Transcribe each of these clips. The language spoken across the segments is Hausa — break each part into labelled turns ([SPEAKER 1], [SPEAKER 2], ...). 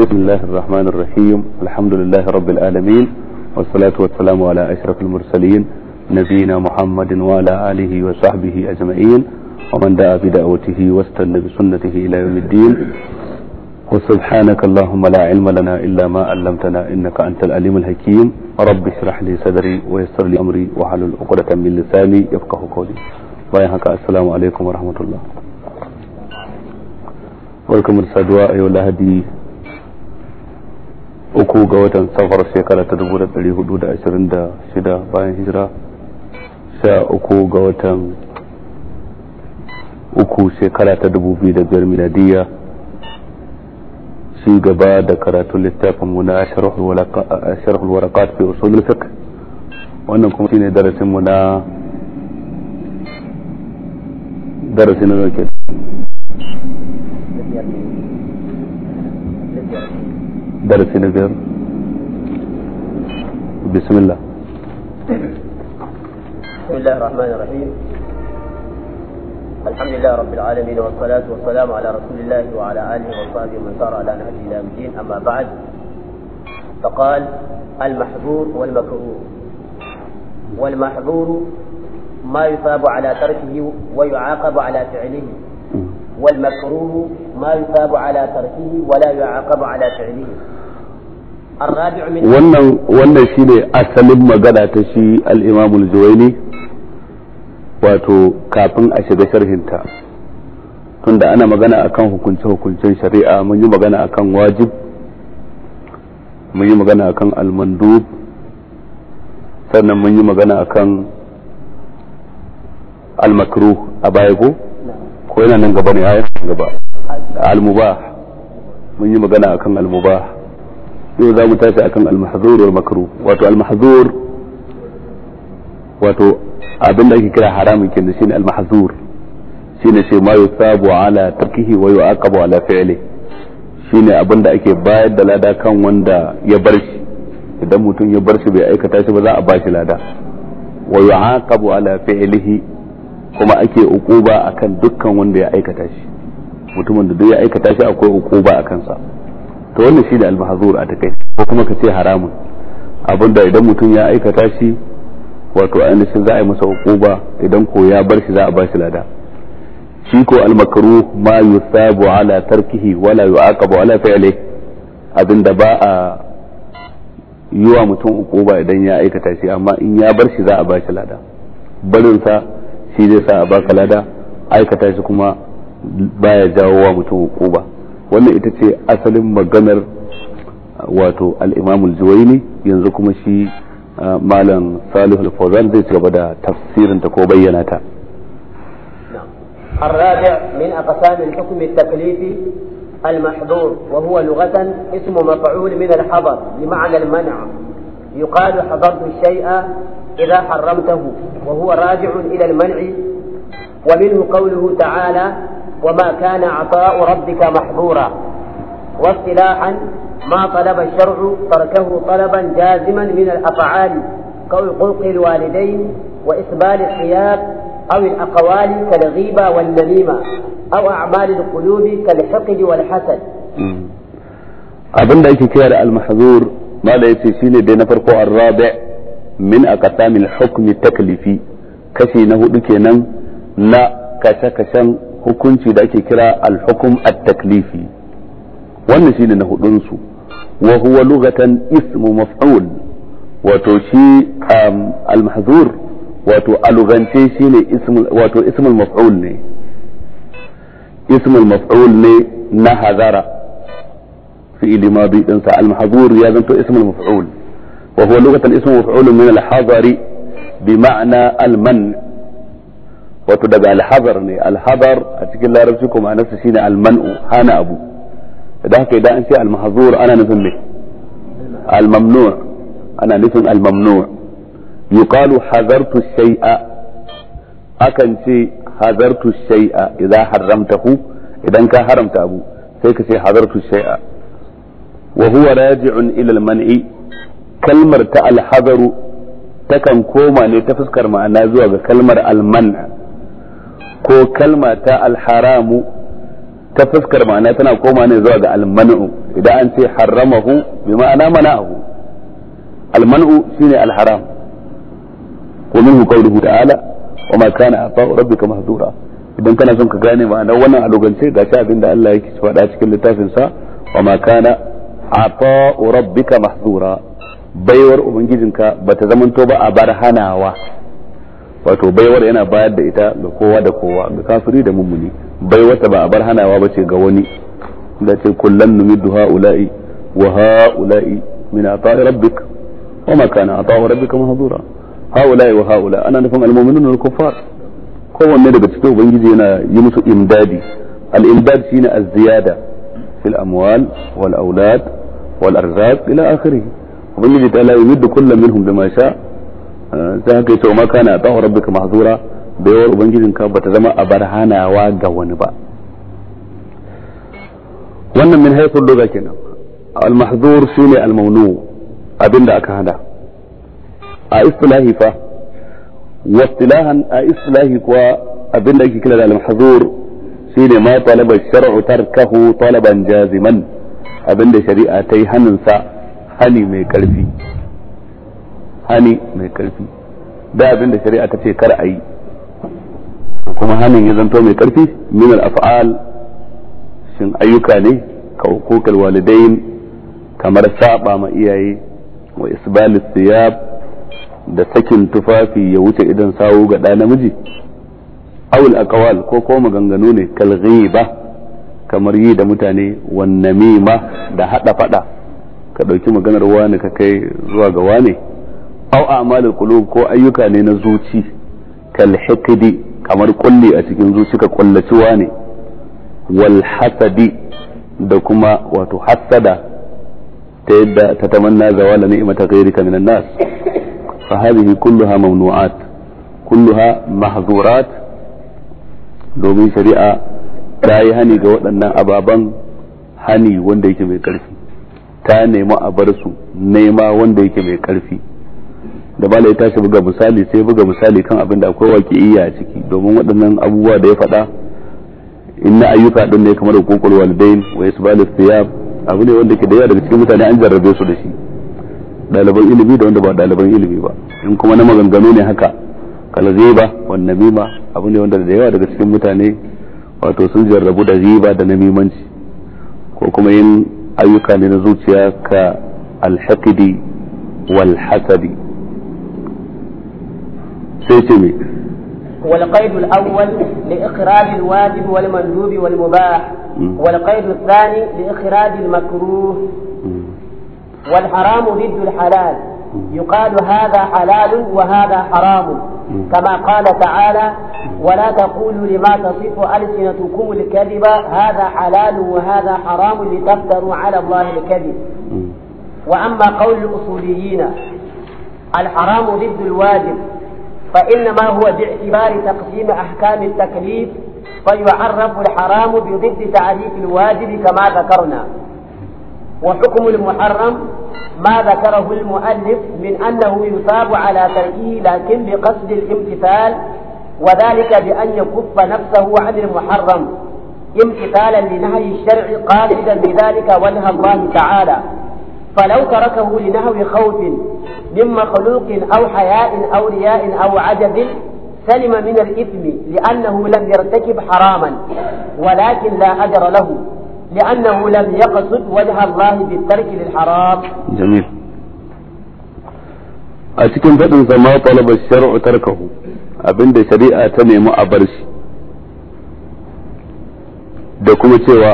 [SPEAKER 1] بسم الله الرحمن الرحيم الحمد لله رب العالمين والصلاة والسلام على أشرف المرسلين نبينا محمد وعلى آله وصحبه أجمعين ومن دعا بدعوته واستنى بسنته إلى يوم الدين وسبحانك اللهم لا علم لنا إلا ما علمتنا إنك أنت العليم الحكيم رب اشرح لي صدري ويسر لي أمري واحلل عقدة من لساني يفقه قولي بايعك السلام عليكم ورحمة الله barkamu da saduwa a uku ga watan safar shekara ta dubu da dari hudu da ashirin da shida bayan hijira sha uku ga watan uku shekara ta dubu biyu da biyar miladiyya shi gaba da karatun littafin mu na sharhul warakat fi usulul fiqh wannan kuma shine darasin mu na darasin na ke درس اليوم بسم الله
[SPEAKER 2] بسم الله الرحمن الرحيم الحمد لله رب العالمين والصلاة والسلام على رسول الله وعلى آله وصحبه ومن سار على نهجه إلى الدين أما بعد فقال المحظور والمكروه والمحظور ما يثاب على تركه ويعاقب على فعله والمكروه ما يثاب على تركه ولا يعاقب على فعله wannan wannan
[SPEAKER 1] shine asalin magana ta shi al-Imam al-Juwayni wato kafin a shiga sharhinta tunda ana magana akan hukunce-hukuncen shari'a mun yi magana akan wajib mun yi magana akan al-mandub sannan mun yi magana akan al-makruh a baya ko ko yana nan gaba ne ayan gaba al-mubah mun yi magana akan al-mubah yau za mu tashi akan almahzur mahzur wal makruh wato almahzur wato abin da ake kira haramun kenan shine al-mahzur shine sai ma yusabu ala tarkihi wa yu'aqabu ala fi'li shine abin da ake bayar da lada kan wanda ya bar shi idan mutum ya bar shi bai aikata shi ba za a bashi lada wa yu'aqabu ala fi'lihi kuma ake ukuba akan dukkan wanda ya aikata shi mutumin da duk ya aikata shi akwai ukuba akan sa to wannan shi al almahazur a takai ko kuma ka ce haramun abinda idan mutum ya aikata shi wato a shi za a yi masa hukuba idan ko ya bar shi za a ba lada shi ko al ma yusabu ala tarkihi wala yu'aqabu ala fi'li abinda ba a yi wa mutum hukuba idan ya aikata shi amma in ya bar shi za a ba shi lada barinsa shi zai sa a baka lada aikata shi kuma baya jawo wa mutum hukuba wannan ita ce asalin maganar uh, wato al-imam al-juwayni yanzu kuma shi uh, malam salih al-fawzan zai ci gaba da tafsirin ta ko bayyana ta
[SPEAKER 2] الرابع من أقسام الحكم التكليفي المحظور وهو لغة اسم مفعول من الحظر بمعنى المنع يقال حظرت الشيء إذا حرمته وهو راجع إلى المنع ومنه قوله تعالى وما كان عطاء ربك محظورا واصطلاحا ما طلب الشرع تركه طلبا جازما من الأفعال كالخلق الوالدين واسبال الحياب أو الأقوال كالغيبة والنميمة أو أعمال القلوب كالحقد والحسد
[SPEAKER 1] abin da ake cewa da almahzur ma da yace shine dai na farko arrabi min aqsamil hukm taklifi kashi na hudu kenan na kashe kashen hukunci da ake kira al-hukm at-taklifi wannan shine na hudun su wa huwa lughatan ismu maf'ul wato shi al-mahzur wato alugance shine ism wato ismul maf'ul ne ismul maf'ul ne na hazara fi'il madi din sa al-mahzur ya zanto ismul maf'ul wa huwa lughatan ismu maf'ul min al-hazari al-man' wato daga alhazar ne alhazar a cikin larabci kuma ma'anarsa shine almanu hana abu da haka idan an ce almahzur ana nufin me almamnu ana nufin almamnu yuqalu hazartu shay'a akan ce hazartu shay'a idza haramtahu idan ka haramta abu sai ka ce hazartu shay'a wa huwa raji'un ila alman'i kalmar ta alhazaru takan koma ne ta fuskar ma'ana zuwa ga kalmar alman ko kalma ta alharamu ta fuskar ma'ana tana koma ne zuwa ga almanu idan an ce haramahu bi ma'ana mana'ahu almanu shine alharam wa minhu kauluhu ta'ala wa ma kana ata'u rabbika mahdura idan kana son ka gane ma'ana wannan a lugance ga shi abinda Allah yake faɗa cikin littafin sa wa ma kana ata'u rabbika mahdura baiwar ubangijinka bata zamanto ba a bar hanawa wato baiwar yana bayar da ita ga kowa da kowa ga kafiri da mummuni baiwar ta ba a bar hanawa ba ce ga wani da ce kullan numiddu haula'i wa haula'i min ata'i rabbik wa ma kana ata'u rabbika mahdura haula'i wa haula ana nufin almu'minun wal kuffar kowanne daga cikin ubangiji yana yi musu imdadi al imdad shine az-ziyada fil amwal wal aulad wal arzaq ila akhirih ubangiji ta la yumiddu kullam minhum bima sha'a sai haka yace ma kana ta'u rabbika mahzura bayawar ubangijinka bata zama abar hanawa ga wani ba wannan min haifar lugha nan al-mahzur shine al mawnu abinda aka hada a istilahi fa wa istilahan a istilahi kuwa abinda ake kira da al-mahzur shine ma talaba shar'u tarkahu talaban jaziman abinda shari'a ta yi hannunsa hani mai karfi hani mai karfi da abin da shari'a ta ce kar a yi kuma hanin ya zanto mai karfi min al-af'al shin ayyuka ne ko walidain kamar saba ma iyaye wa isbal thiyab da sakin tufafi ya wuce idan sawu ga ɗa namiji awul aqwal ko ko maganganu ne kal ghiba kamar yi da mutane wan namima da hada fada ka dauki maganar wani ka kai zuwa ga wani aw a'malul qulub ko ayyuka ne na zuci kal hikdi kamar kulli a cikin zuci ka kullaciwa ne wal hasadi da kuma wato hasada ta yadda ta tamanna zawala ni'mata ghayrika minan nas fa hadhihi kulluha mamnu'at kulluha mahzurat domin shari'a ta yi hani ga waɗannan ababan hani wanda yake mai ƙarfi ta nemi a bar su nema wanda yake mai ƙarfi da bala ya tashi buga misali sai buga misali kan abin da akwai waƙiyya a ciki domin waɗannan abubuwa da ya faɗa inna ayyuka din ne kamar hukukul walidain wa isbalu thiyab abu ne wanda ke da yawa daga cikin mutane an jarrabe su da shi ɗaliban ilimi da wanda ba ɗaliban ilimi ba in kuma na maganganu ne haka kalziba wan namima abu ne wanda da yawa daga cikin mutane wato sun jarrabu da ziba da namimanci ko kuma yin ayyuka ne na zuciya ka alhaqidi wal hasadi. سيتمي
[SPEAKER 2] والقيد الأول لإخراج الواجب والمندوب والمباح والقيد الثاني لإخراج المكروه والحرام ضد الحلال يقال هذا حلال وهذا حرام كما قال تعالى ولا تقولوا لما تصف ألسنتكم الكذب هذا حلال وهذا حرام لتفتروا على الله الكذب وأما قول الأصوليين الحرام ضد الواجب فإنما هو باعتبار تقسيم أحكام التكليف فيعرف الحرام بضد تعريف الواجب كما ذكرنا وحكم المحرم ما ذكره المؤلف من أنه يصاب على تركه لكن بقصد الامتثال وذلك بأن يكف نفسه عن المحرم امتثالا لنهي الشرع قاصدا بذلك وجه الله تعالى فلو تركه لنهو خوف من مخلوق أو حياء أو رياء أو عجب سلم من الإثم لأنه لم يرتكب حراما ولكن لا أجر له لأنه لم يقصد وجه الله بالترك للحرام
[SPEAKER 1] جميل أتكن فتن ما طلب الشرع تركه abin شريعة shari'a ta nemi a bar shi da kuma cewa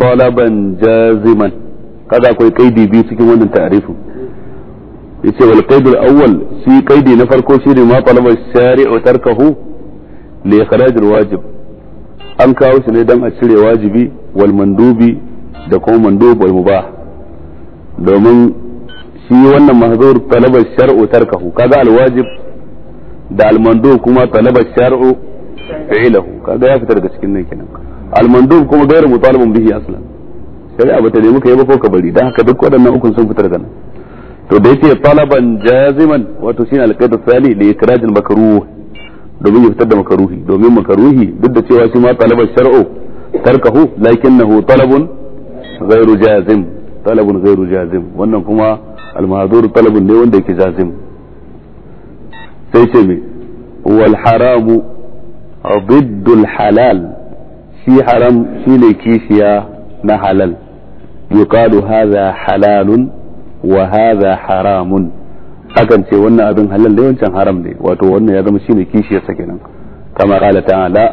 [SPEAKER 1] talaban jaziman kada akwai kaidi biyu cikin wannan yace wal qaid al awwal shi qaidi na farko shine ma talaba shari'u tarkahu li ikhraj al wajib an kawo shi ne dan a cire wajibi wal mandubi da kuma mandubi wal mubah domin shi wannan mahzur talaba shar'u tarkahu kaga al wajib da al mandub kuma talaba shar'u fi'lahu kaga ya fitar da cikin nan kenan al mandub kuma gairu mutalabun bihi aslan abata ne muka yi ba ko ka bari dan haka duk waɗannan ukun sun fitar da nan to da yake talaban jaziman wato shine alqaidu sali da ikraj al makruh domin ya fitar da makruhi domin makruhi duk da cewa shi ma talaban shar'o tarkahu lakinnahu talabun ghairu jazim talabun ghairu jazim wannan kuma al mahdur talabun ne wanda yake jazim sai ce me wal haramu ضد halal shi haram shine kishiya na halal yuqalu hadha halalun wa hadha haramun akan ce wannan abin halal da wancan haram ne wato wannan ya zama shine kishiyar sa kenan kama qala ta'ala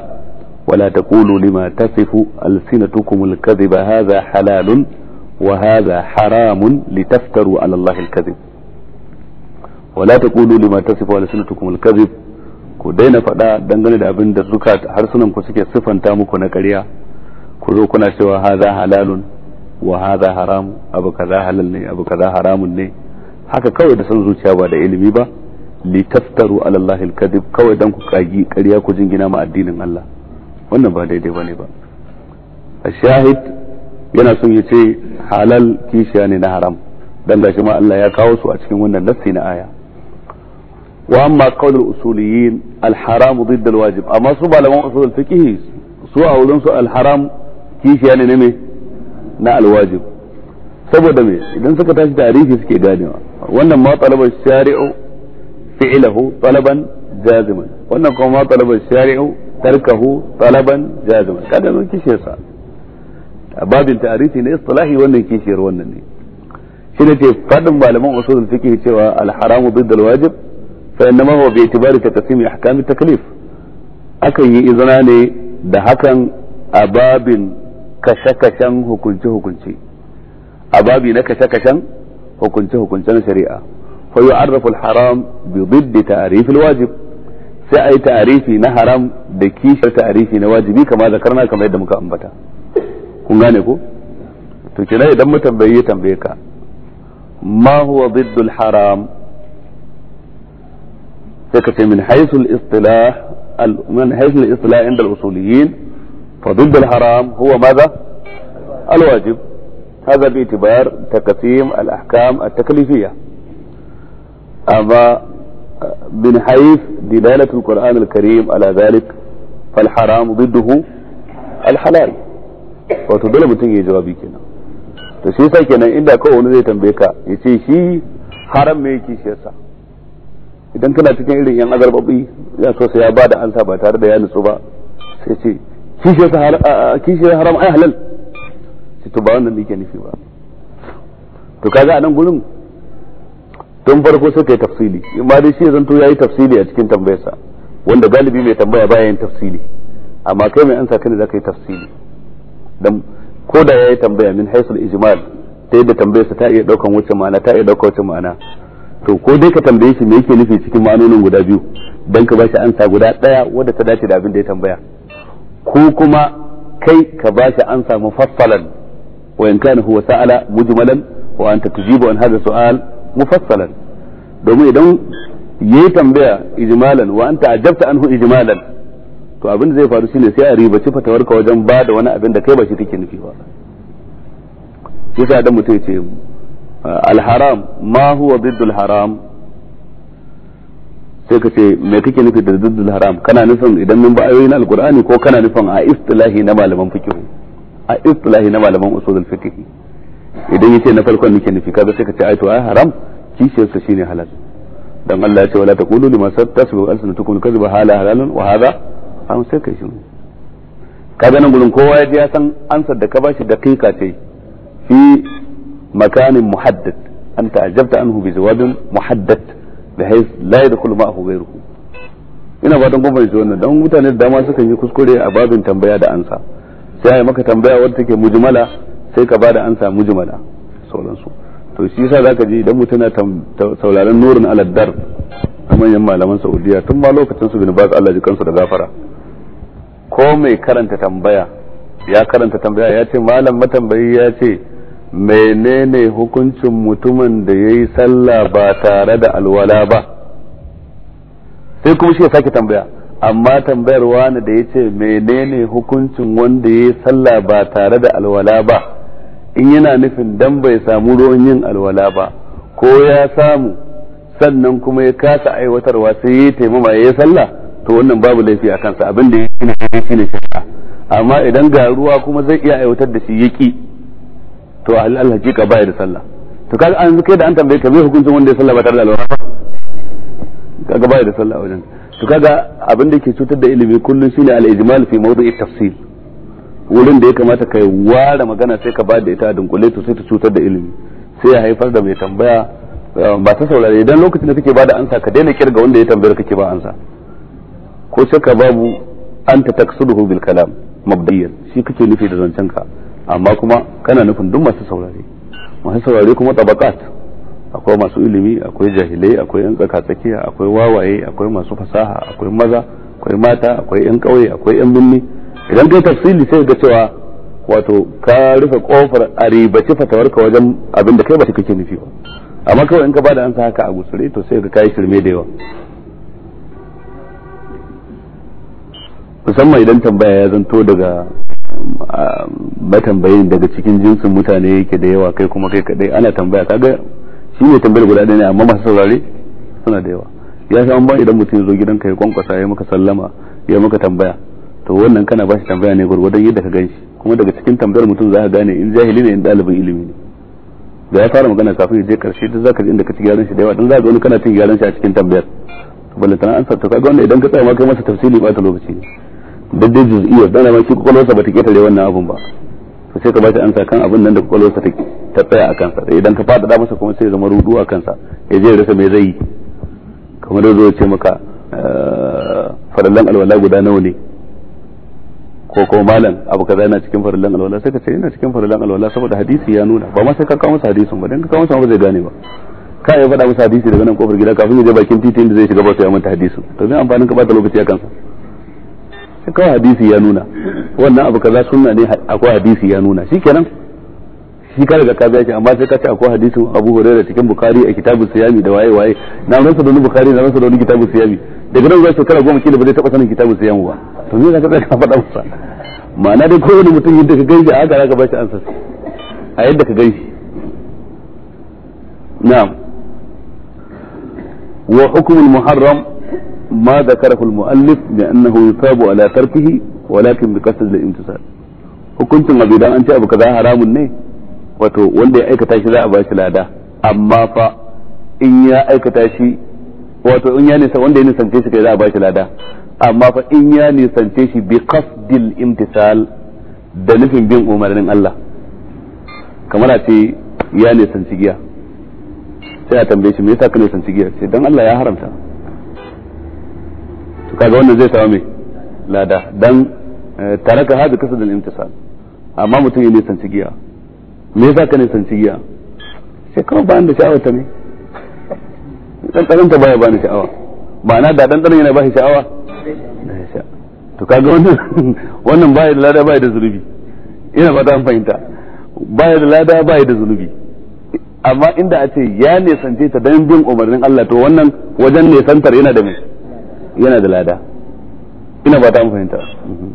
[SPEAKER 1] wala taqulu lima tasifu alsinatukum alkadhiba hadha halalun wa hadha haramun litaftaru ala allahi alkadhib wala taqulu lima tasifu alsinatukum alkadhib ku daina faɗa dangane da abin da suka harsunan ku suke siffanta muku na ƙarya ku zo kuna cewa haza halalun wa hadha haram abu kaza halal ne abu kaza haramun ne haka kawai da san zuciya ba da ilimi ba li taftaru ala Allah kadhib kawai dan ku kagi ƙarya ku jingina ma addinin Allah wannan ba daidai bane ba ashahid yana son ya ce halal kishiya ne na haram dan da shi ma Allah ya kawo su a cikin wannan nassi na aya wa amma qaulul usuliyin al-haram ضد الواجب amma su malaman usul fiqh su a wurin su al-haram kishiya ne ne na alwajib saboda me idan suka tashi tarihi suke ganewa wannan ma talaba shari'u fi'lahu talaban jaziman wannan kuma ma talaba shari'u tarkahu talaban jaziman kada mun kishe sa babin tarihi ne istilahi wannan kishiyar wannan ne shi ne ce fadin malaman usulul fiqh cewa al-haramu bidda al-wajib fa innama huwa bi itibari taqsim ahkam at-taklif akan yi izana ne da hakan a babin kashe-kashen hukunce-hukunce a babi na kashe-kashen hukunce na shari'a fa yu'arrafu al-haram bi diddi ta'rif al-wajib sai ai ta'rifi na haram da kishar ta'rifi na wajibi kama karna kamar yadda muka ambata kun gane ko to kina idan mu tambaye tambaye ka ma huwa diddu al-haram sai ka ce min haythu al-istilah al حيث الاصطلاح عند الاصوليين فضد الحرام هو ماذا الواجب هذا باعتبار تقسيم الأحكام التكليفية أما من حيث دلالة القرآن الكريم على ذلك فالحرام ضده الحلال wato dole mutum ya jawabi kenan to shi yasa kenan inda kawai wani zai tambaye ka ya ce shi haram me yake shi yasa idan kana cikin irin yan azarbabi ya so sai ya bada ansa ba tare da ya nutsu ba sai ce kishiyar haram ai halal to ba wannan yake nufi ba to kaga a nan gurin tun farko sai yi tafsili amma dai shi to yayi tafsili a cikin tambayarsa wanda galibi mai tambaya baya yin tafsili amma kai mai ansa kane zaka yi tafsili dan ko da yayi tambaya min haisul ijmal ta yadda tambayarsa ta iya daukan wacce ma'ana ta iya daukan wacce ma'ana to ko dai ka tambaye shi me yake nufi cikin ma'anonin guda biyu dan ka bashi ansa guda daya wadda ta dace da abin da ya tambaya ko kuma kai ka bashi ansa samu fassalan wa in kana huwa sa'ala mujmalan wa anta tujibu an hadha su'al mufassalan domin idan yayi tambaya ijmalan wa anta ajabta anhu ijmalan to abin da zai faru shine sai a riba ribaci fatawarka wajen ba da wani abin da kai ba shi kake nufi ba yasa da mutum ya ce al haram ma huwa biddul haram sai ka ce me kake nufi da ziddul haram kana nufin idan mun ba ayoyin alqur'ani ko kana nufin a istilahi na malaman fiqh a istilahi na malaman usulul fiqh idan yace na farkon nake nufi kaga sai ka ce ai to ai haram kishiyar sa shine halal dan Allah ya ce wala taqulu lima tasbu alsanatukum kadhiba hala halalun wa hadha an sai kai shi
[SPEAKER 2] kaga nan gurin kowa ya
[SPEAKER 1] ji ya san ansar da ka bashi daqiqa ce fi makanin muhaddad anta ajabta anhu bi jawabin muhaddad da hais la yadkhulu ma'ahu ruku ina ba don gwamnati wannan don mutane da dama sukan yi kuskure a babin tambaya da ansa sai yi maka tambaya wadda take mujmala sai ka ba da ansa mujmala sauransu to shi yasa zaka ji idan mutum yana sauraron nurin aladdar a manyan malaman saudiya tun ma lokacin su bin ba Allah ji kansu da gafara ko mai karanta tambaya ya karanta tambaya ya ce malam matambayi ya ce menene hukuncin mutumin da ya yi sallah ba tare da alwala ba sai kuma shi ya sake tambaya amma tambayar wani da ya ce menene hukuncin wanda ya yi sallah ba tare da alwala ba in yana nufin dan bai samu ruwan yin alwala ba ko ya samu sannan kuma ya kasa aiwatarwa sai ya taimama ya yi sallah to wannan babu laifi a kansa abin da ya yi shi ne amma idan ga ruwa kuma zai iya aiwatar da shi yaki to alal hakika baya da sallah to kaga an kai da an tambaye ka me hukuncin wanda ya sallah ba tare da alwala ba kaga baya da sallah wajen to kaga abin da ke cutar da ilimi kullum shine al ijmal fi mawdu'i tafsil wurin da ya kamata kai ware magana sai ka bada ita a dunkule to sai ta cutar da ilimi sai ya haifar da mai tambaya eh, ba ta saurare idan lokacin da kake ba da ansa ka daina kirga wanda ya tambayar kake ba ansa ko shakka babu anta taksuduhu bil kalam mabdiyan shi kake nufi da zancen ka amma kuma kana nufin duk masu saurare masu saurare kuma tabakat akwai masu ilimi akwai jahilai akwai yan tsakiya akwai wawaye akwai masu fasaha akwai maza akwai mata akwai yan kauye akwai yan binni idan kai tafsili sai ga cewa wato ka rufe kofar a fatawar fatawarka wajen abin da kai ba kake nufi ba amma kawai in ka bada ansa haka a gusure to sai ka kai shirme da yawa musamman idan tambaya ya zanto daga ba tambayin daga cikin jinsin mutane yake da yawa kai kuma kai kadai ana tambaya kaga shi ne tambayar guda ɗaya ne amma masu saurare suna da yawa ya sha an ba idan mutum ya zo ka ya kwankwasa ya maka sallama ya maka tambaya to wannan kana ba shi tambaya ne gurgurdan yadda ka gan shi kuma daga cikin tambayar mutum za ka gane in jahili ne in ɗalibin ilimi ne da ya fara magana kafin ya je karshe duk ka ji inda ka ci gyaran shi da yawa dan za ka wani kana cin gyaran shi a cikin tambayar to balantana an sa to kaga wannan idan ka tsaya ma kai masa tafsiri ba ta lokaci ne duk dai juz'iyyar dan ma shi kwakwalwarsa bata ketare wannan abun ba to sai ka ba shi ansa kan abin nan da kwakwalwarsa ta tsaya a kansa eh, idan ka faɗaɗa masa kuma sai zama rudu a kansa ya je rasa me zai yi kamar zo ce maka ah, farallan alwala guda nawa ne ko ko malam abu kaza yana cikin farallan alwala sai ka ce yana cikin farallan alwala saboda hadisi ya nuna ba ma sai ka kawo masa hadisin ba dan ka kawo masa ba zai gane ba kai ya faɗa masa hadisi daga nan kofar gida kafin ya je bakin titin da zai shiga ba sai ya manta hadisin to zai amfanin ka ba ta lokaci a kansa kawai hadisi ya nuna wannan abu kaza sunna ne akwai hadisi ya nuna shikenan shi ka riga ka biya shi amma sai ka ce akwai hadisin Abu Hurairah cikin Bukhari a kitabu Siyami da waye waye na ran sa da Bukhari na ran sa da wani kitabu Siyami daga nan zuwa shekara goma kila ba zai taba sanin kitabu Siyami ba to me zaka tsaya ka faɗa masa ma'ana dai kowane mutum yadda ka gaishe a gara ka shi ansa a yadda ka gaishe na'am wa hukumul muharram ما ذكره المؤلف لأنه يثاب على تركه ولكن بقصد الامتثال hukuncin abu idan an ce abu kaza haramun ne wato wanda ya aikata shi za a bashi amma fa in ya aikata shi wato in ya nisa wanda ya nisance shi kai za a amma fa in ya nisance shi bi qasdil imtisal da nufin bin umarnin Allah kamar a ce ya nisanci giya sai tambaye shi me yasa ka nisanci giya sai dan Allah ya haramta to kaga wannan zai samu mai lada dan eh, taraka hada kasa da imtisal amma mutum ya nisanci giya me yasa ka nisanci giya sai kuma ba da sha'awa ta ne dan ta baya bani sha'awa na da dan yana ba shi sha'awa to kaga wannan wannan baya da lada baya da zunubi ina ba ta fahimta baya da lada baya da zunubi amma inda a ce ya nisance ta dan bin umarnin Allah to wannan wajen nisantar yana da mai yana da lada ina ba ta fahimta mhm.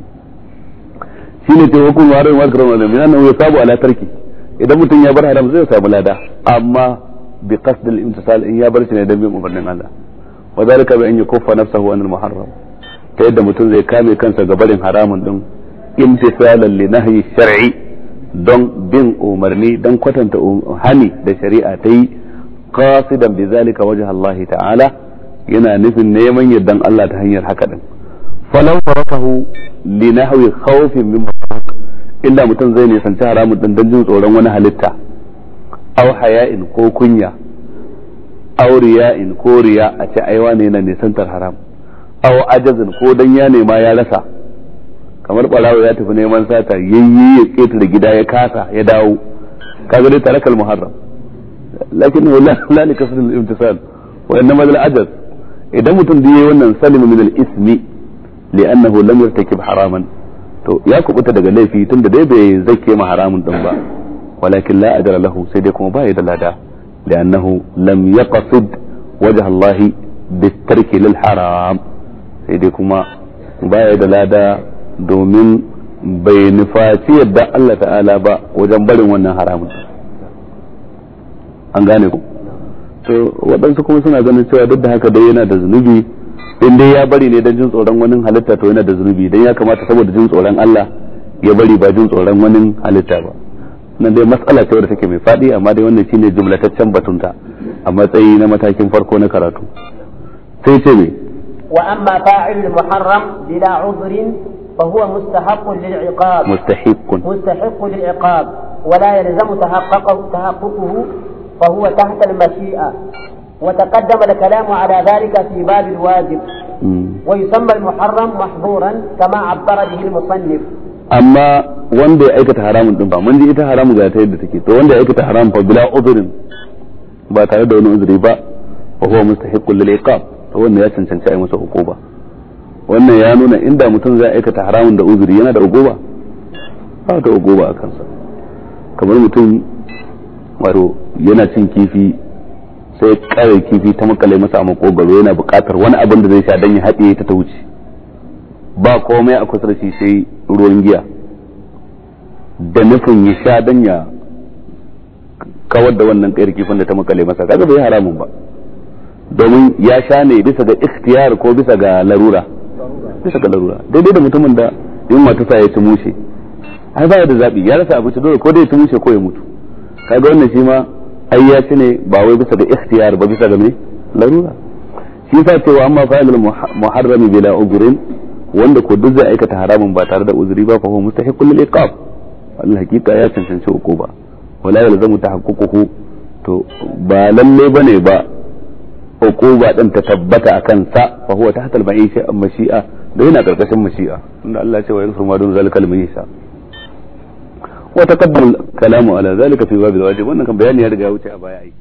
[SPEAKER 1] shine ta wa kun warin wa karam alim ya sabu ala tarki idan mutum ya bar haram zai samu lada amma bi qasd al imtisal in ya bar shi ne dan bin umarnin Allah wa zalika bi an yakuffa nafsahu an al muharram ta yadda mutum zai kame kansa ga barin haramun din imtisalan li nahyi shar'i don bin umarni don kwatanta hani da shari'a ta yi qasidan bi zalika wajha Allah ta'ala yana nufin neman yardan Allah ta hanyar haka din falan farakahu li nahwi khawfin min illa mutum zai nisanci haramun din dan jin tsoron wani halitta aw haya'in ko kunya aw riya'in ko riya a ce aiwa ne yana nisantar haram aw ajazin ko dan ya nema ya rasa kamar barawo ya tafi neman sata yayi ya da gida ya kasa ya dawo kaga dai tarakal muharram lakin wallahi la imtisal wa inma al ajaz idan mutum da yayi wannan salima min al-ismi li'annahu lam yartakib haraman to ya kubuta daga laifi tunda dai bai zake ma haramun din ba walakin la ajra lahu sai dai kuma bai da lada li'annahu lam yaqsid wajha Allah bitarki lil haram sai dai kuma baya da lada domin bai nufaci yadda Allah ta'ala ba wajen barin wannan haramun an gane ku to waɗansu kuma suna ganin cewa duk da haka dai yana da zunubi in dai ya bari ne don jin tsoron wani halitta to yana da zunubi don ya kamata saboda jin tsoron Allah ya bari ba jin tsoron wani halitta ba nan dai matsala ce wadda take mai faɗi amma dai wannan shine jumlataccen batunta a matsayi na matakin farko na karatu sai ce me
[SPEAKER 2] wa amma muharram bila udhrin fa huwa mustahaqqun lil iqab
[SPEAKER 1] mustahiqqun
[SPEAKER 2] mustahiqqun lil iqab ولا يلزم تحققه تحققه فهو تحت المشيئة وتقدم الكلام على ذلك في باب الواجب ويسمى المحرم محظورا كما عبر به المصنف
[SPEAKER 1] أما وندى أيك حرام دم بام وندى إذا حرام جاءت هيدا تكي تو وندى أيك تحرام فبلا أذن باتايا دون أذن با فهو مستحق للعقاب هو إن يأسن سنساء مسوقوبة وإن يانون إندا متنزع أيك تحرام دا أذن ينا دا أقوبة هذا آه، أقوبة أكنسا كمان متن wato yana cin kifi sai kare kifi ta makale masa a makogaro yana buƙatar wani abin da zai sha don ya haɗe ta ta wuce ba komai a kusa da shi sai ruwan giya da nufin ya sha dan ya kawar da wannan kayar kifin da ta makale masa kaga bai haramun ba domin ya sha ne bisa ga ikhtiyar ko bisa ga larura bisa ga larura daidai da mutumin da yin matasa sa ya ci mushe ai ba da zabi ya rasa abinci dole ko dai ya ci mushe ko ya mutu kaga wannan shi ma ai ya ci ne ba wai bisa ga ikhtiyar ba bisa ga me larura shi yasa cewa amma fa'ilul muharrami bila ujrin wanda ko duk zai aikata haramun ba tare da uzuri ba fa huwa mustahiqul lil iqab al hakika ya cancanci hukuma wala yalzamu tahaqququhu to ba lalle bane ba hukuma din ta tabbata akan sa fa huwa tahta al shi'a da yana karkashin mashi'a inda Allah ya ce wa yanfur ma dun zalikal mayisa وتقبل كلامه على ذلك في باب الواجب وانك كان بياني هرجا وتي ابايا اي